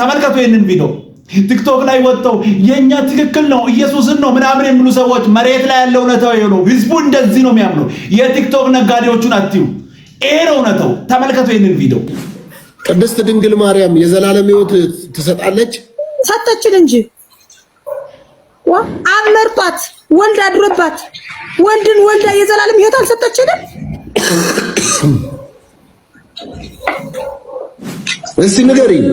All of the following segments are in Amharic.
ተመልከቱ ይህንን ቪዲዮ ቲክቶክ ላይ ወጥተው የኛ ትክክል ነው ኢየሱስን ነው ምናምን የሚሉ ሰዎች መሬት ላይ ያለው እውነታው ይሄ ነው። ህዝቡ እንደዚህ ነው የሚያምኑ። የቲክቶክ ነጋዴዎቹን አትዩ። ይሄ ነው እውነታው። ተመልከቱ ይህንን ቪዲዮ። ቅድስት ድንግል ማርያም የዘላለም ህይወት ትሰጣለች። ሰጠችን እንጂ አብ ወልድ አድሮባት ወልድን ወልዳ የዘላለም ህይወት አልሰጠችንም። እስቲ ንገሪኝ።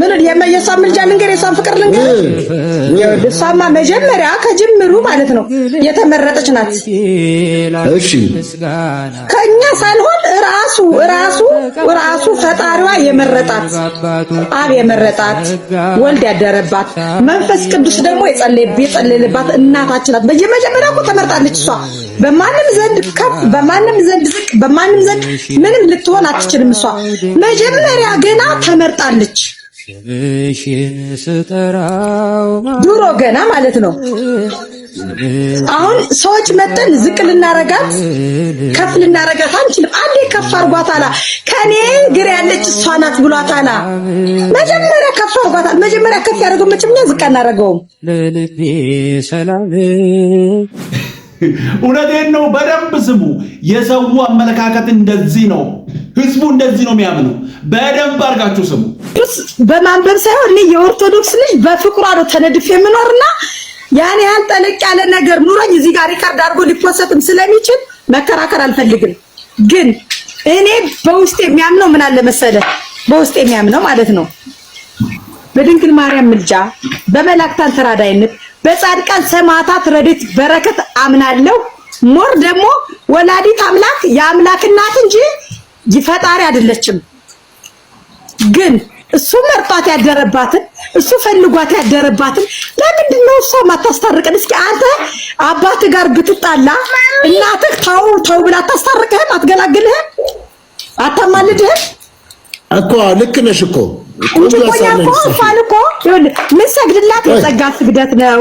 ምን የእሷን ምልጃ ልንገር፣ የእሷን ፍቅር ልንገር። እሷማ መጀመሪያ ከጅምሩ ማለት ነው የተመረጠች ናት። እሺ ከኛ ሳልሆን ራሱ ራሱ ራሱ ፈጣሪዋ የመረጣት አብ የመረጣት ወልድ ያደረባት መንፈስ ቅዱስ ደግሞ የጸለየባት እናታችን ናት። በየመጀመሪያ እኮ ተመርጣለች እሷ በማንም ዘንድ ከፍ፣ በማንም ዘንድ ዝቅ፣ በማንም ዘንድ ምንም ልትሆን አትችልም። እሷ መጀመሪያ ገና ተመርጣለች። ድሮ ገና ማለት ነው። አሁን ሰዎች መጠን ዝቅ ልናረጋት ከፍ ልናረጋት አንችልም። አንዴ ከፍ አርጓታላ። ከኔ ግር ያለች እሷ ናት ብሏታላ። መጀመሪያ ከፍ አርጓታል። መጀመሪያ ከፍ ያደረገው መቼም እኛ ዝቅ አናረገውም። እውነቴን ነው። በደንብ ስሙ። የሰው አመለካከት እንደዚህ ነው። ህዝቡ እንደዚህ ነው የሚያምነው። በደንብ አድርጋችሁ ስሙ። በማንበብ ሳይሆን እኔ የኦርቶዶክስ ልጅ በፍቅሯ ነው ተነድፍ የምኖርና ያን ያህል ጠለቅ ያለ ነገር ኑሮኝ እዚህ ጋር ሪካርድ አድርጎ ሊፖሰትም ስለሚችል መከራከር አልፈልግም። ግን እኔ በውስጥ የሚያምነው ምን አለ መሰለ፣ በውስጥ የሚያምነው ማለት ነው በድንግል ማርያም ምልጃ፣ በመላእክታን ተራዳይነት፣ በጻድቃን ሰማዕታት ረድኤት በረከት አምናለሁ። ሞር ደግሞ ወላዲት አምላክ የአምላክ እናት እንጂ ፈጣሪ አይደለችም። ግን እሱ መርጧት ያደረባትን እሱ ፈልጓት ያደረባትን ለምንድን ነው እሷ ማታስታርቀን? እስኪ አንተ ጋር ብትጣላ እናትህ ተው ተው ብላ አታስታርቅህም? አትገላግልህም? አታማልድህም እኮ ልክ ነሽ እኮ እንኳን እኮ ምን ሰግድላት የጸጋ ስግደት ነው።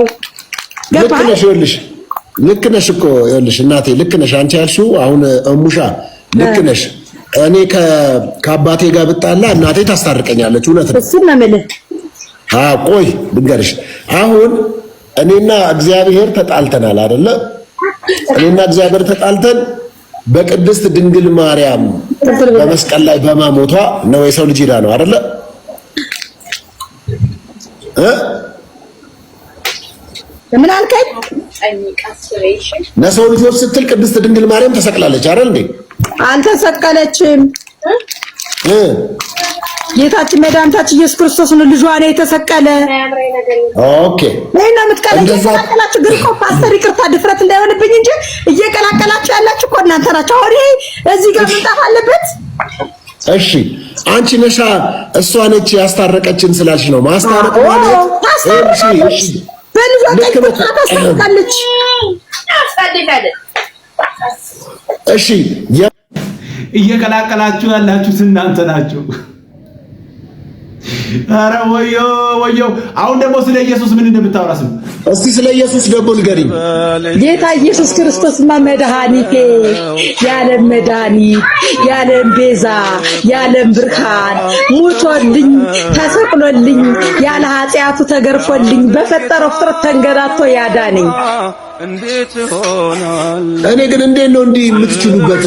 ገባሽ? ልክ ነሽ እኮ ይኸውልሽ፣ እናቴ ልክ ነሽ። አንቺ ያልሺው አሁን እሙሻ ልክ ነሽ። እኔ ከአባቴ ጋር ብጣላ እናቴ ታስታርቀኛለች። እውነት ነው። እሱን ነው የምልህ። አዎ ቆይ ብንገርሽ፣ አሁን እኔና እግዚአብሔር ተጣልተናል አይደለ? እኔና እግዚአብሔር ተጣልተን በቅድስት ድንግል ማርያም በመስቀል ላይ በማሞቷ ነው የሰው ልጅ አይደለ? ምን አልከኝ? ለሰው ልጆች ስትል ቅድስት ድንግል ማርያም ተሰቅላለች አይደል እንዴ? አልተሰቀለችም። ጌታችን መድኃኒታችን ኢየሱስ ክርስቶስ ነው ልጇ ነው የተሰቀለ። ኦኬ ወይ ነው እየቀላቀላችሁ ግን እኮ ፓስተር፣ ይቅርታ ድፍረት እንዳይሆንብኝ እንጂ እየቀላቀላችሁ ያላችሁ እኮ እናንተ ናችሁ። አሁን እዚህ ጋር መምጣት አለበት። እሺ አንቺ ነሻ እሷ ነች ያስታረቀችን ስላልሽ ነው። ማስታረቅ ማለት እሺ፣ እየቀላቀላችሁ ያላችሁት እናንተ ናችሁ። አረ ወዮ ወዮ! አሁን ደግሞ ስለ ኢየሱስ ምን እንደምታወራ ስም እስቲ ስለ ኢየሱስ ደግሞ ንገሪኝ። ጌታ ኢየሱስ ክርስቶስማ መድኃኒቴ፣ የዓለም መድኃኒት፣ የዓለም ቤዛ፣ የዓለም ብርሃን ሙቶልኝ፣ ተሰቅሎልኝ፣ ያለ ኃጢአቱ ተገርፎልኝ፣ በፈጠረው ፍጥረት ተንገዳቶ ያዳነኝ እኔ ግን እንዴት ነው እንዲህ የምትችሉበት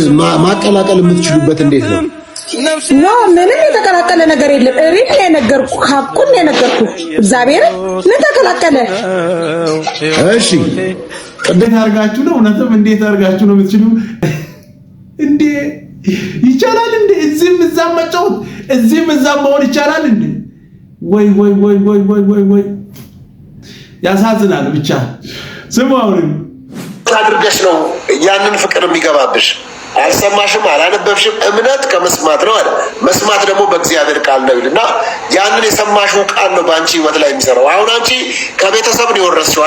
ማቀላቀል የምትችሉበት እንዴት ነው? ኖ ምንም የተቀላቀለ ነገር የለም። እሪን የነገርኩ ሀቁን የነገርኩ እግዚአብሔር ምን ተቀላቀለ? እሺ ቅድም አድርጋችሁ ነው እውነትም፣ እንዴት አድርጋችሁ ነው የምትችሉ እንዴ? ይቻላል እንዴ? እዚህም እዛም መጫወት እዚህም እዛም መሆን ይቻላል እንዴ? ወይ ወይ ወይ ወይ ወይ ወይ ወይ ያሳዝናል። ብቻ ስሙ አሁንም አድርገሽ ነው ያንን ፍቅር የሚገባብሽ አልሰማሽም፣ አላነበብሽም እምነት ከመስማት ነው አለ። መስማት ደግሞ በእግዚአብሔር ቃል ነው ይልና ያንን የሰማሽው ቃል ነው በአንቺ ህይወት ላይ የሚሰራው። አሁን አንቺ ከቤተሰብ ነው የወረስሽው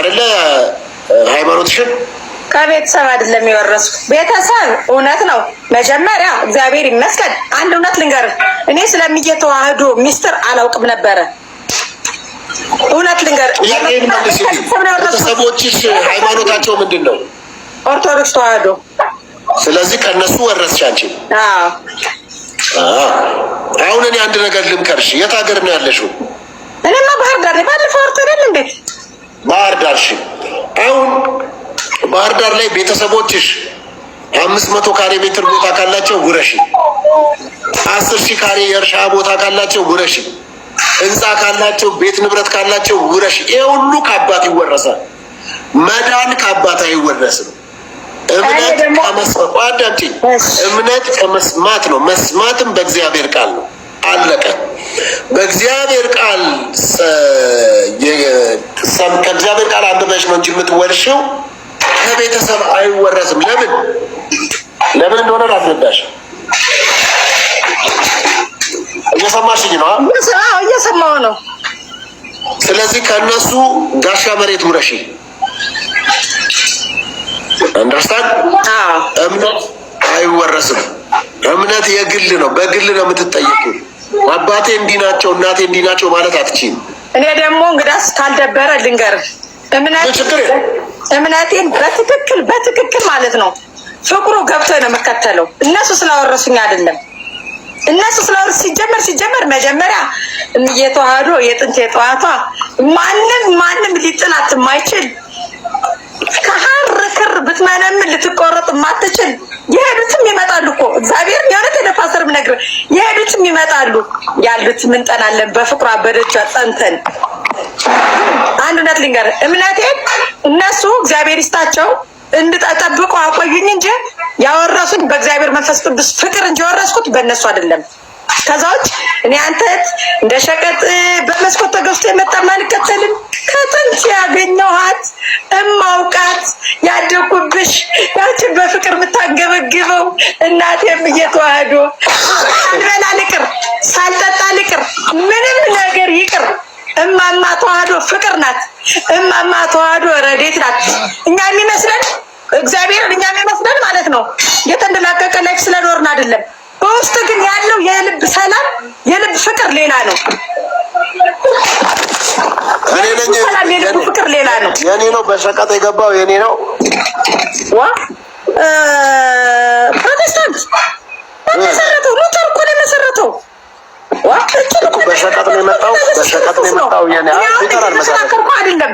ሃይማኖትሽን ከቤተሰብ አይደለም የወረስኩ። ቤተሰብ እውነት ነው መጀመሪያ እግዚአብሔር ይመስገን። አንድ እውነት ልንገርህ፣ እኔ ስለሚየተዋህዶ ሚስጥር አላውቅም ነበረ። እውነት ልንገርህ፣ ቤተሰቦችሽ ሃይማኖታቸው ምንድን ነው? ኦርቶዶክስ ተዋህዶ ስለዚህ ከእነሱ ወረስሽ አንቺ። አሁን እኔ አንድ ነገር ልምከርሽ። የት ሀገር ነው ያለሽው? እኔማ ባህር ዳር። ባለፈው ወርቅ እንዴት ባህር ዳር። ሽ አሁን ባህር ዳር ላይ ቤተሰቦችሽ አምስት መቶ ካሬ ሜትር ቦታ ካላቸው ውረሽ አስር ሺህ ካሬ የእርሻ ቦታ ካላቸው ውረሽ ህንፃ ካላቸው፣ ቤት ንብረት ካላቸው ውረሽ። ይሄ ሁሉ ከአባት ይወረሳል። መዳን ከአባት አይወረስም። እምነት ከመስማት ነው። መስማትም በእግዚአብሔር ቃል ነው። አለቀ። በእግዚአብሔር ቃል ከእግዚአብሔር ቃል አንብበሽ ነው እንጂ የምትወርሽው ከቤተሰብ አይወረስም። ለምን ለምን እንደሆነ ላስረዳሽ። እየሰማሽኝ ነው? እየሰማሁ ነው። ስለዚህ ከእነሱ ጋሻ መሬት ውረሺ። እንደርስታን እምነት አይወረስም። እምነት የግል ነው። በግል ነው የምትጠየቁት። አባቴ እንዲህ ናቸው እናቴ እንዲህ ናቸው ማለት አትችይም። እኔ ደግሞ እንግዳስ ካልደበረ ልንገር እምነቴን በትክክል በትክክል ማለት ነው ፍቅሩ ገብቶ ነው የምከተለው። እነሱ ስላወረሱኝ አይደለም። እነሱ ስላወረሱ ሲጀመር ሲጀመር መጀመሪያ እየተዋህዶ የጥንት የጠዋቷ ማንም ማንም ሊጥላት የማይችል ብር ብትመነም ልትቆረጥ ማትችል የሄዱትም ይመጣሉ እኮ እግዚአብሔር የሆነት የደፋሰር ምነግር የሄዱትም ይመጣሉ ያሉት ምንጠናለን በፍቅሩ አበደች ጸንተን አንድ እውነት ልንገር እምነቴን እነሱ እግዚአብሔር ይስጣቸው እንድጠብቁ አቆዩኝ እንጂ ያወረሱኝ በእግዚአብሔር መንፈስ ቅዱስ ፍቅር እንጂ የወረስኩት በእነሱ አይደለም። ከዛ እኔ አንተት እንደ ሸቀጥ ተዋህዶ ረዴት ናት። እኛ የሚመስለን እግዚአብሔርን እኛ የሚመስለን ማለት ነው የተንደላቀቀ ላይፍ ስለኖርን አይደለም። በውስጥ ግን ያለው የልብ ሰላም የልብ ፍቅር ሌላ ነው። ሰላም የልብ ፍቅር ሌላ ነው። የኔ ነው በሸቀጥ የገባው የኔ ነው። ፕሮቴስታንት መሰረተው ሉተር እኮ ነው የመሰረተው በሸቀጥ ነው የመጣው በሸቀጥ ነው የመጣው አይደለም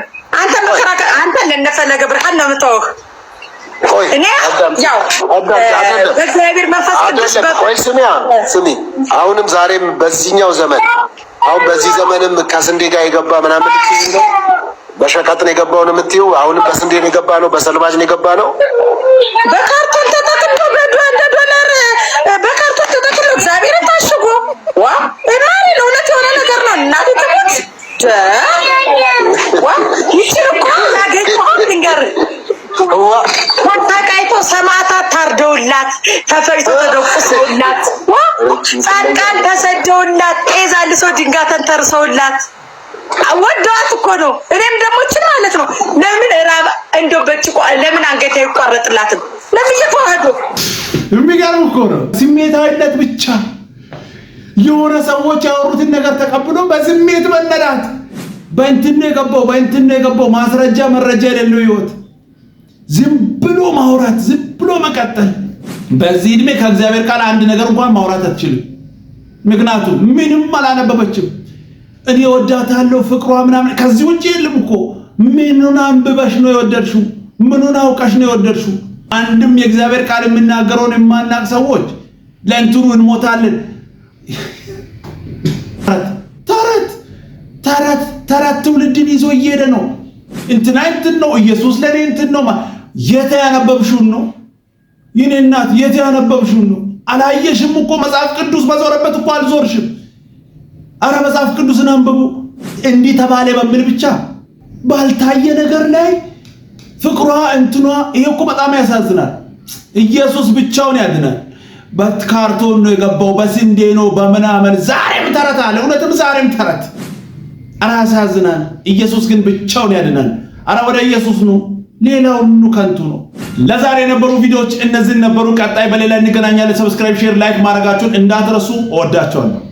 አንተ መከራከር አንተ ለነፈለገ ብርሃን ነው የምታወቅ። እኔ ያው በእግዚአብሔር መንፈስ ቅዱስ ስሚ ስሚ። አሁንም ዛሬም በዚህኛው ዘመን አሁን በዚህ ዘመንም ከስንዴ ጋር የገባ ምናምን በሸቀጥ ነው የገባው ነው የምትይው። አሁንም በስንዴ ነው የገባ ነው፣ በሰልባጅ ነው የገባ ነው፣ በካርቶን ተጠቅሎ በአንድ ዶላር በካርቶን ተጠቅሎ እግዚአብሔርን ታሽጎ ዋ እናሪ እውነት የሆነ ነገር ነው እናቴ ትሞት ተሰቃይቶ ሰማዕታት ታርደውላት ተፈጭቶ ተደቁሰውላት ጻድቃን ተሰደውላት ጤዛ ልሶ ድንጋተን ተርሰውላት ወደዋት እኮ ነው። እኔም ደግሞ ችን ማለት ነው ለምን ራብ እንደ በጭቆ ለምን አንገት አይቋረጥላትም? ለምን እየተዋህዶ የሚገርም እኮ ነው። ስሜታዊነት ብቻ የሆነ ሰዎች ያወሩትን ነገር ተቀብሎ በስሜት መነዳት፣ በእንትን ነው የገባው፣ በእንትን ነው የገባው ማስረጃ መረጃ የሌለው ህይወት ዝም ብሎ ማውራት፣ ዝም ብሎ መቀጠል። በዚህ እድሜ ከእግዚአብሔር ቃል አንድ ነገር እንኳን ማውራት አትችልም። ምክንያቱም ምንም አላነበበችም። እኔ ወዳታለሁ ፍቅሯ ምናምን ከዚህ ውጭ የለም እኮ። ምኑን አንብበሽ ነው የወደድሽው? ምኑን አውቀሽ ነው የወደድሽው? አንድም የእግዚአብሔር ቃል የምናገረውን የማናቅ ሰዎች ለእንትኑ እንሞታለን። ተረት ተረት ተረት ትውልድን ይዞ እየሄደ ነው። እንትና እንትን ነው፣ ኢየሱስ ለእኔ እንትን ነው የት ያነበብሽውን ነው? ይህኔ እናት የት ያነበብሽውን ነው? አላየሽም እኮ መጽሐፍ ቅዱስ በዞረበት እኮ አልዞርሽም። አረ መጽሐፍ ቅዱስን አንብቡ። እንዲህ ተባለ በሚል ብቻ ባልታየ ነገር ላይ ፍቅሯ እንትኗ፣ ይሄ እኮ በጣም ያሳዝናል። ኢየሱስ ብቻውን ያድናል። በካርቶን ነው የገባው፣ በስንዴ ነው በምናምን። ዛሬም ተረት አለ፣ እውነትም ዛሬም ተረት። አረ ያሳዝናል። ኢየሱስ ግን ብቻውን ያድናል። አረ ወደ ኢየሱስ ነው ሌላው ምኑ ከንቱ ነው። ለዛሬ የነበሩ ቪዲዮዎች እነዚህን ነበሩ። ቀጣይ በሌላ እንገናኛለን። ሰብስክራይብ፣ ሼር፣ ላይክ ማድረጋችሁን እንዳትረሱ። እወዳቸዋለሁ።